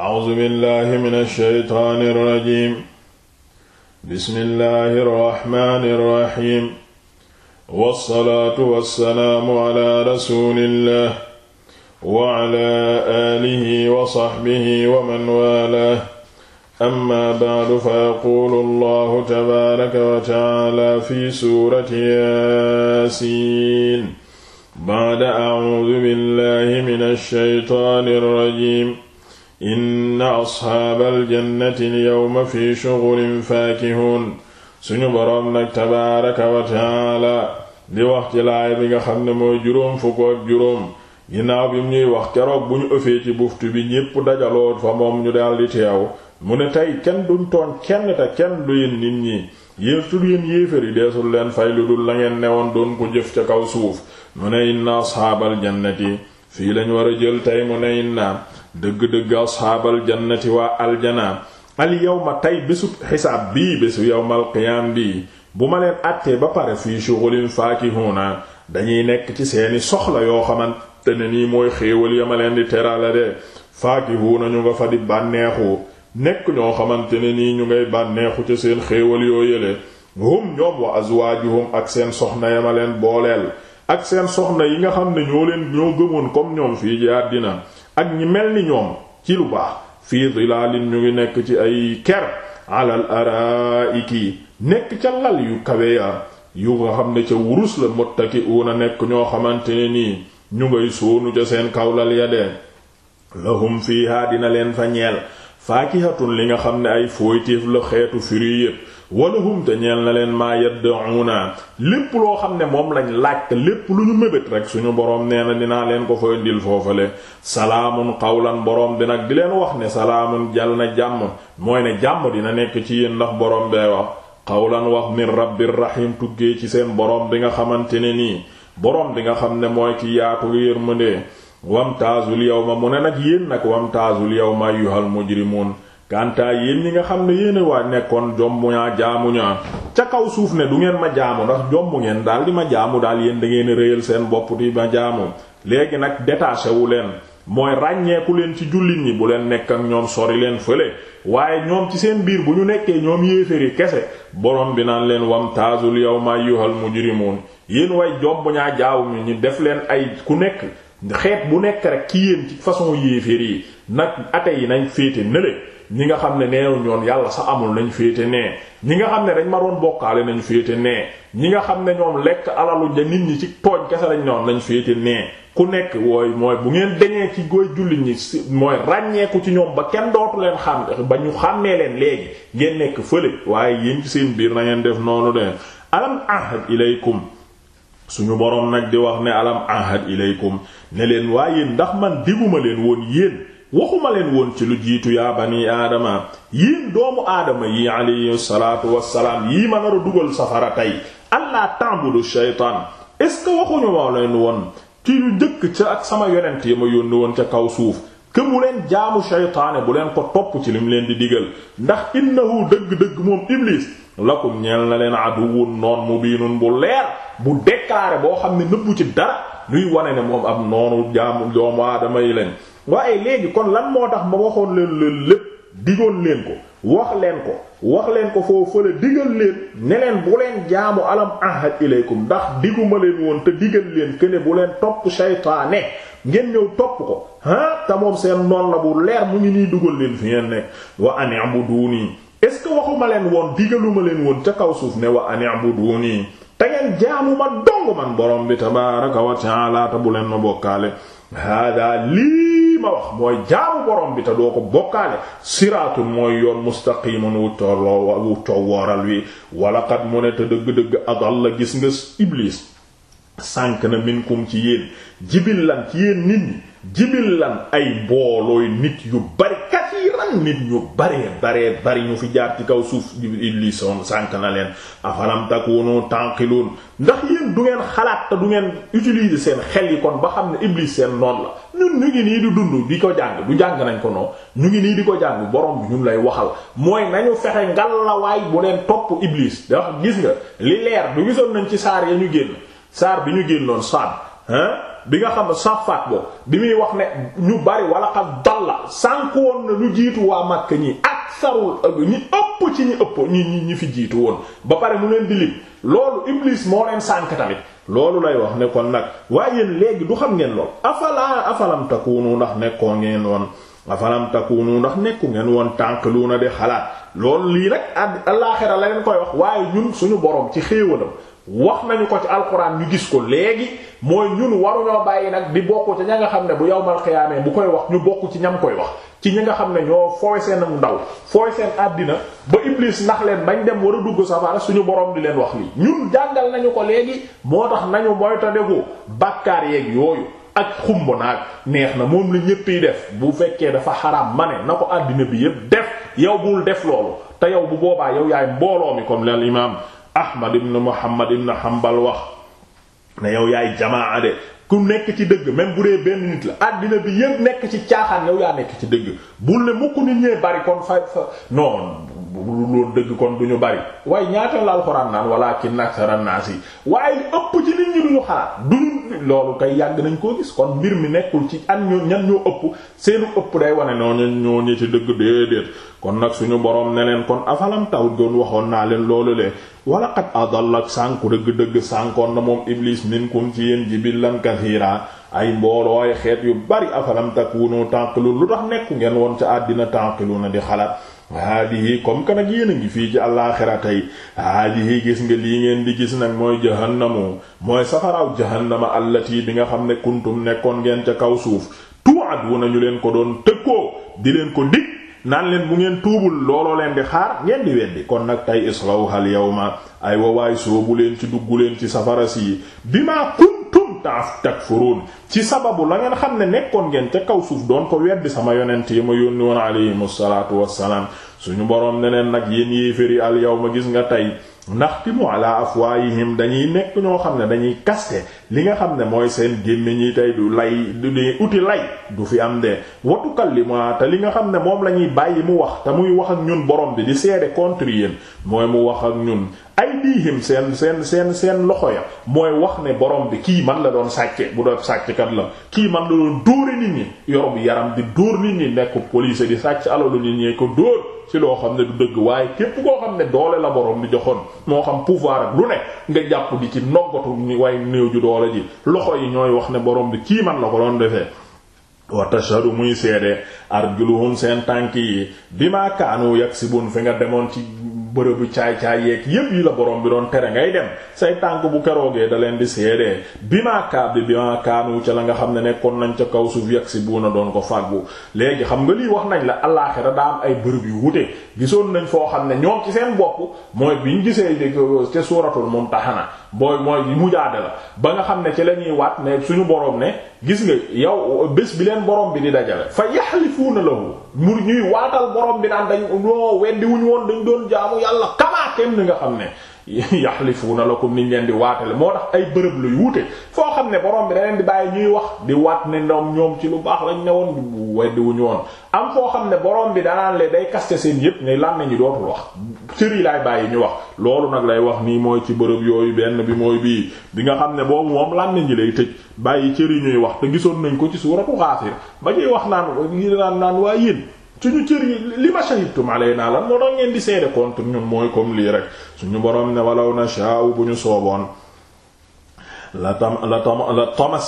a'uuzu billahi mina shaytaani rajiim bismillahi rahmaani rahiim wassalaatu wassalaamu ala rasuulillah wa ala aalihi wa sahbihi wa man waalaahu amma ba'du fa yaquulu allahu tabaaraka wa ta'aala fi suurati yaasiin ba'da a'uuzu billahi mina shaytaani rajiim inna asxaabal jannati lyawma fi shughulin faakihun suñu boroom nag tabaaraka wa taala di wax ci bi nga xam ne mooy juróom fukk ak juróom ginnaaw bi ñuy wax keroog bu ñu ëfee ci buftu bi ñépp dajaloo fa moom ñu daldi teew mu ne tey kenn duñ tooñ kenn te kenn du yéen nit ñi yéeftul yéen yéefar yi deesul leen fay lu dul la ngeen newoon doon ko jëf ca kaw suuf mu ne inna asxaabal jannati fii lañ war a jël tey mu ne inna dëgg-dëgg asxaabal jannati waa aljana al yawma tey bésu xisaab bii bésu yawmal qiyaam bii bu ma leen àttee ba pare fii shughulin faakihuna dañuy nekk ci seeni soxla yoo xamante ne nii mooy xéewal ya ma leen di terala de faakihuna ñu nga fa di bànneexu nekk ñoo xamante ne nii ñu ngay bànneexu ca seen xéewal yoo yële hum ñoom wa azwaajuhum ak seen soxna ya ma leen booleel ak seen soxna yi nga xam ne ñoo leen ñoo gëmoon comme ñoom fii ji àddina ak ñi mel ni ñoom ci lu baax fii dilaalin ñu ngi nekk ci ay ker alal araa'iki nekk ca lal yu kawe ya yu nga xam ne ca wurus la muttaki'una nekk ñoo xamante ne nii ñu ngay soonu ca seen kawlal ya de lahum fiihaa dina leen fa ñeel faakihatun li nga xam ne ay fooytéef la xeetu firi yépp walahum te ñeel na leen maa yad'una lépp loo xam ne moom lañ laaj te lépp lu ñu mébét rek suñu boroom nee na dinaa leen ko fa indil foofale salaamun qawlan boroom bi nag di leen wax ne salaamun jàll na jàmm mooy ne jàmm dina nekk ci yéen ndax boroom bee wax qawlan wax min rabbir rahim tuggee ci seen boroom bi nga xamante ne nii boroom bi nga xam ne mooy ki yaatu yërmande wamtaazul ma mu ne nag yéen nag wamtaazul yawma ayyuhal mujrimun kantaa yéen ñi nga xam ne yéen waa nekkoon jombu ñaa jaamu ñaa ca kaw suuf ne du ngeen ma jaamu ndax jombu ngeen daal di ma jaamu daal yéen da ngeen réyal seen bopp di ma jaamu léegi nag détaché wu leen mooy ràññeeku leen ci jullit ñi bu leen nekk ak ñoom sori leen fële waaye ñoom ci seen biir bu ñu nekkee ñoom yéeféri kese borom bi naan leen wam taazul yawma ayyuhal mujrimun yéen way jombu ñaa jaamu ñu def leen ay ku nekk xeet bu nekk rek ki yéen ci façon yéeféri yi nag nañ féete ñi nga xam ne neew ñoon yàlla sa amul nañ féete nee ñi nga xam ne dañ ma doon bokkaale nañ féete nee ñi nga xam ne ñoom lekk alalu ja nit ñi ci tooñ kese lañ noon nañ féete nee ku nekk wooy mooy bu ngeen deñee ci góoy jullit ñi mooy ràññeeku ci ñoom ba kenn dootu leen xam ba ñu xàmmee leen léegi ngeen nekk fële waaye yéen ci seen biir na def noonu de alam ahad ilaykum suñu boroom nag di wax ne alam ahad ilaykum ne leen waaye ndax man diguma leen woon yéen waxuma woon ci lu jiitu yaa bani aadama yéen doomu aadama yi alayhi salaatu wassalaam yii ma nar a dugal safara tey allah ta'budu shaytaan est-ce que waxuñu ma woon ci lu njëkk ca ak sama yonent yi ma yónni woon ca kaw suuf ke bu leen jaamu shaytaane bu leen ko topp ci lim leen di digal ndax innahu dëgg-dëgg moom iblis lakum ñeel na leen aduwun noon mu mubiinun bu leer bu dekkaare boo xam ne nëbbu ci dara luy wane ne moom ab noonu jaamu doomu aadama yi leen waaye léegi kon lan moo tax ma waxoon leen leen lépp digoon leen ko wax leen ko wax leen ko foofu fële digal leen ne leen bu leen jaamu alam ahad ilaykum ndax diguma leen woon te digal leen que ne bu leen topp saytaane ngeen ñëw topp ko ah te moom seen noon la bu leer mu ngi nii dugal leen fi ngeen ne wa an i'buduni est-ce que waxuma leen woon digaluma leen woon ca kaw suuf ne wa an i'buduni te ngeen jaamu ma dong man borom bi tabaaraka wa ta'aala te bu leen ma ma wax mooy jaamu borom bi te doo ko bokkaale siraatun mooy yoon mustaqimun wu tolloo wu cowooral wi walaqad mu ne te dëgg-dëgg adal la gis nga iblis sànk na minkum ci yéen jibil lan ci yéen nit ñi jibil ay mboolooy nit yu bari kasiiran nit ñu bare bare bari ñu fi jaar ci kaw suuf iblis son sànk na leen afalam takunu tanqiluun ndax yéen du ngeen xalaat te du ngeen utiliser seen xel yi kon ba xam ne iblis seen noon la ñun ñu ngi nii di dund di ko jàng du jàng nañ ko noonu ñu ngi nii di ko jàng borom bi ñun lay waxal mooy nañu fexe ngalawaay bu leen topp iblis ndax gis nga li leer du gisoon nañ ci saar ya ñu génn saar bi ñu génnoon saad hein bi nga xam safaat boobu bi muy wax ne ñu bari wala xam dalla sànk woon na lu jiitu waa Makka ñi aksarul ñi ëpp ci ñi ëpp ñi ñi fi jiitu woon ba pare mu leen di loolu Iblis moo leen sànk tamit loolu lay wax nekkoon kon nag waaye yéen léegi du xam ngeen lool afala afalam takunu ndax nekkoo ngeen woon afalam takunu ndax nekku ngeen woon tànqlu na de xalaat loolu lii nag àllaaxira la leen koy wax waaye ñun suñu borom ci xéewalam wax nañu ko ci alxuraan ñu gis ko léegi mooy ñun waruñoo bàyyi nag di bokk ci ña nga xam ne bu yawmal xiyaamee bu koy wax ñu bokk ci ñam koy wax ci ñi nga xam ne ñoo fooy seen ndaw fooy seen àddina ba iblis ndax leen bañ dem war a dugg safara suñu borom di leen wax lii ñun jàngal nañu ko léegi moo tax nañu moytandiku bàkkaar yeeg yooyu ak xumb naag neex na moom la ñépp yi def bu fekkee dafa xaraam ma ne na ko àddina bi yépp def yow bul def loolu te yow bu boobaa yow yaay mbooloo mi comme l'imam ahmad ibn muhammad na hanbal wax ne yow yaay jamaa de ku nekk ci dëgg même bu dee benn nit la àddina bi yépp nekk ci caaxaan yow yaa nekk ci dëgg bul ne mukk nit ñee bari kon fa fa non bu dul woon dëgg kon du ñu bari waaye ñaata laal alxuraan naan walaakin aksara naas yi waaye ëpp ci nit ñi du ñu xalaat loolu kay yàgg nañ koo gis kon mbir mi nekkul ci an ñu ñan ñoo ëpp seenu ëpp day wane noo ñun ñoo ñi ci dëgg déedéet kon nag suñu boroom ne leen kon afalam tawut goon waxoon naa leen loolu lee wala qad adallak sànku dëgg-dëgg sànkoon na moom iblis minkum ci yéen jibillan kathiira ay mboolooy xeet yu bari afalam takunu tànqilu lu tax nekku ngeen woon ca àddina tànqilu na di xalaat haadihi comme que nag yéen a ngi fii ci àllaaxira tey haadihi gis nga lii ngeen di gis nag mooy jahannamu mooy safaraaw jahannama allati bi nga xam ne kuntum nekkoon ngeen ca kaw suuf tuwaat wu nañu leen ko doon tëkkoo di leen ko dig naan leen bu ngeen tuubul looloo leen di xaar ngeen di weddi kon nag tey islawhal ma ay wawaay soobu leen ci dugg leen ci safara si bima taaf takfuruun ci sababu la ngeen xam ne nekkoon ngeen ca kaw suuf doon ko bi sama yonent yi ma yónni woon alayhimu salaatu wassalaam suñu boroom ne nag yéen yéeféri al ma gis nga tey ndax naxtimu ala afwaayihim dañuy nekk ñoo xam ne dañuy kaste li nga xam ne mooy seen gémmiñ yi tey du lay du di uti lay du fi am de watu kallimaa te li nga xam ne moom la ñuy bàyyi mu wax te muy wax ak ñun borom bi di seede contre yéen mooy mu wax ak ñun aydihim seen seen seen seen loxo ya mooy wax ne borom bi kii man la doon sàcce bu doon sàcckat la kii man la doon dóori nit ñi yor bu yaram di dóor nit ñi nekk police di sàcc alalu ñu ñee ko dóor ci loo xam dëgg waaye képp koo xam ne doole la borom bi joxoon moo xam pouvoir ak lu ne nga jàpp di ci noggatu ni way néew ju doole ji loxo yi ñooy wax ne borom bi kii man la ko doon defee wa tashhadu muy seede arjuluhum seen tànk yi bima kaanu yaksibun fi nga demoon ci bërëbu caay-caay yeeg yépp yi la borom bi doon tere ngay dem say tànk bu keroogee da leen di seedee bi maa kaab bi bi maa kaanu ca la nga xam ne nekkoon nañ ca kaw suuf yegg si buuna doon ko fàggu léegi xam nga lii wax nañ la allaaxira daa am ay bërëb yu wute gisoon nañ foo xam ne ñoom ci seen bopp mooy biñ gisee ca suuratul mumtahana booy mooy mujaade la ba nga xam ne ci la ñuy waat ne suñu boroom ne gis nga yow bés bi leen borom bi di dajale fa yaxlifuuna lahu mu ñuy waatal borom bi naan dañ loo weddi woon dañ doon jaamu yàlla kamaa kenn nga xam ne na la ko niñ leen di waatale moo tax ay bërëb luy wute foo xam ne borom bi da leen di bàyyi ñuy wax di waat ne ñoom ñoom ci lu baax lañ ne woon weddi wuñu woon am foo xam ne borom bi danaan le day kaste seen yépp ne lan nañu dootul wax sër yi laay bàyyi ñu wax loolu nag lay wax nii mooy ci bërëb yooyu benn bi mooy bii bi nga xam ne boobu moom lan nañu lay tëj bàyyi cër yi ñuy wax te gisoon nañ ko ci suuratu Xaafir ba ñuy wax naan naan waa yéen suñu cër yi li ma shahidtum alayna lan moo doon ngeen di seede contre ñun mooy comme lii rek suñu boroom ne walaw nasha'u bu ñu sooboon la tam la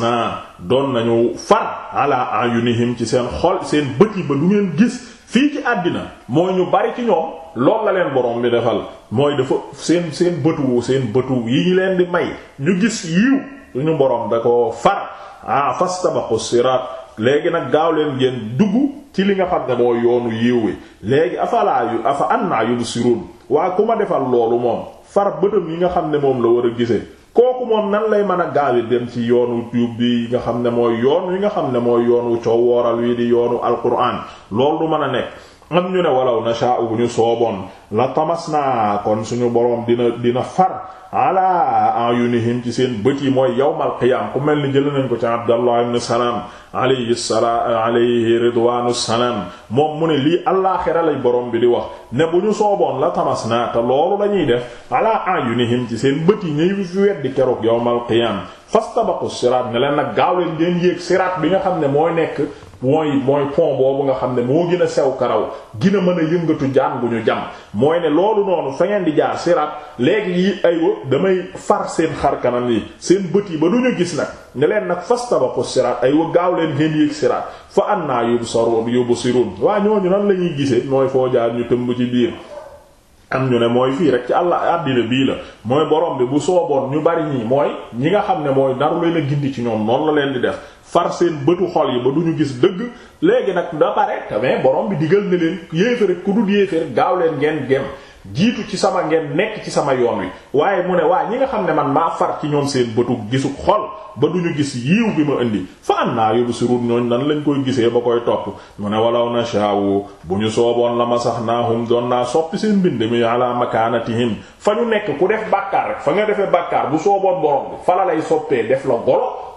naa doon nañu far ala ayunihim ci seen xol seen bët yi ba lu ngeen gis fii ci àddina mooy ñu bari ci ñoom lool la leen borom bi defal mooy dafa seen seen bëtu seen bëtu yi ñu leen di may ñu gis yiw suñu borom da ko far ah fastabaqu sirat léegi nag gaaw leen ngeen dugg ci li nga xam ne mooy yoonu yiw wi léegi afalaa yu afa annaa yubsirun waa ku ma defal loolu moom far bëtam yi nga xam ne moom la war a gisee kooku moom nan lay mën a gaawi dem ci yoonu yub bi yi nga xam ne mooy yoon wi nga xam ne mooy yoonu coow wooral wi di yoonu alquran loolu du mën a nekk am ñu ne walaw nashaa'u bu ñu sooboon la tamas naa kon suñu boroom dina dina far ala ayunihim ci seen bët yi mooy yawmal qiyaam ku mel ni jël nañ ko ci Abdallah ibn Salaam alayhi salaam alayhi ridwaanu moom mu ne lii allaaxira lay boroom bi di wax ne bu ñu sooboon la tamas naa te loolu lañuy def ala ayunihim ci seen bët yi ñuy fi weddi keroog yawmal qiyaam fastabaqu siraat ne leen nag gaaw leen ngeen yéeg siraat bi nga xam ne mooy nekk mooy mooy pont boobu nga xam ne moo gën a sew karaw gën a mën a yëngatu jaan bu ñu jam mooy ne loolu noonu fa ngeen di jaar siraat léegi yi aywa damay far seen xar kanam yi seen bët yi ba du ñu gis nag ne leen nag fastabaqu siraat aywa gaaw leen ngeen yéeg siraat fa annaa yóbbu yubsirun waa ñu nan la ñuy gisee mooy foo jaar ñu tëmb ci biir. am ñu ne mooy fii rek ci àll àddina bii la mooy borom bi bu sooboon ñu bari ñi mooy ñi nga xam ne mooy naru leen a gindi ci ñoom noonu la leen di def far seen bëtu xol yi ba du ñu gis dëgg léegi nag da pare tamit borom bi digal na leen yéefare ku dul yéefare gaaw leen ngeen gem jiitu ci sama ngeen nekk ci sama yoon wi waaye mu ne waa ñi nga xam ne man maa far ci ñoom seen bëtu gisu xol ba du ñu gis yiw bi ma indi fa am naa yóbbu si ruut ñooñ nan lañ koy gisee ba koy topp mu ne walaw na shaawu bu ñu sooboon la ma sax naahum doon naa soppi seen mbind mi la ala makaanatihim fa ñu nekk ku def bàkkaar fa nga defee bàkkaar bu sooboon borom bi fa la def la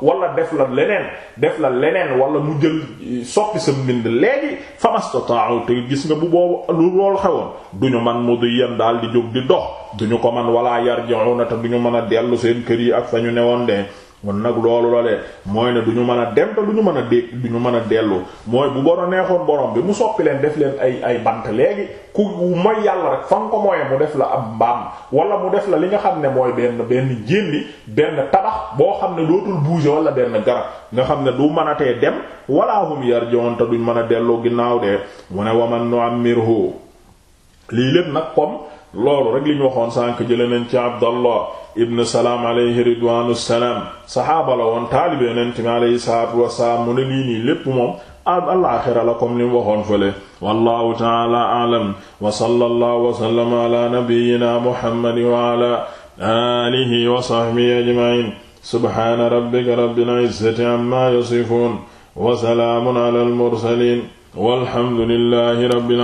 wala def la leneen def la leneen wala mu jël soppi sa mbind léegi famastata'u te gis nga bu boobu lu lool xewoon duñu man mudiyan daal di jóg di dox duñu ko man wala yarji'una te duñu mën a dellu seen kër yi ak fa ñu woon de kon nag loolu la de mooy ne du ñu mën a dem te du ñu mën a dégg du ñu mën a dellu mooy bu borom neexoon borom bi mu soppi leen def leen ay ay bant léegi ku mooy yàlla rek fa nga ko mooyee mu def la am mbaam wala mu def la li nga xam ne mooy benn benn jéndi benn tabax boo xam ne dootul bouger wala benn garab nga xam ne du mën a tee dem wala hum yarji'un te duñ mën a delloo ginnaaw de mu ne waman nu'ammirhu lii lépp nag comme loolu rek li ñu waxoon sànk jëlee nañ ci Abdallah ibn salaam alayhi ridwaanu salaam saxaaba la woon taalibe yonent mi alayhi salaatu wasalaam mu ne lii nii lépp moom alaaxira la comme ni mu waxoon fële wallahu taala alam wa sallallahu wa sallama ala nabiyyina muhammadin wa ala alihi wa sahbihi ajma'in subhaana rabbika rabbil izzati amma yasifun wa salaamun ala al mursalin walhamdulillahi rabbil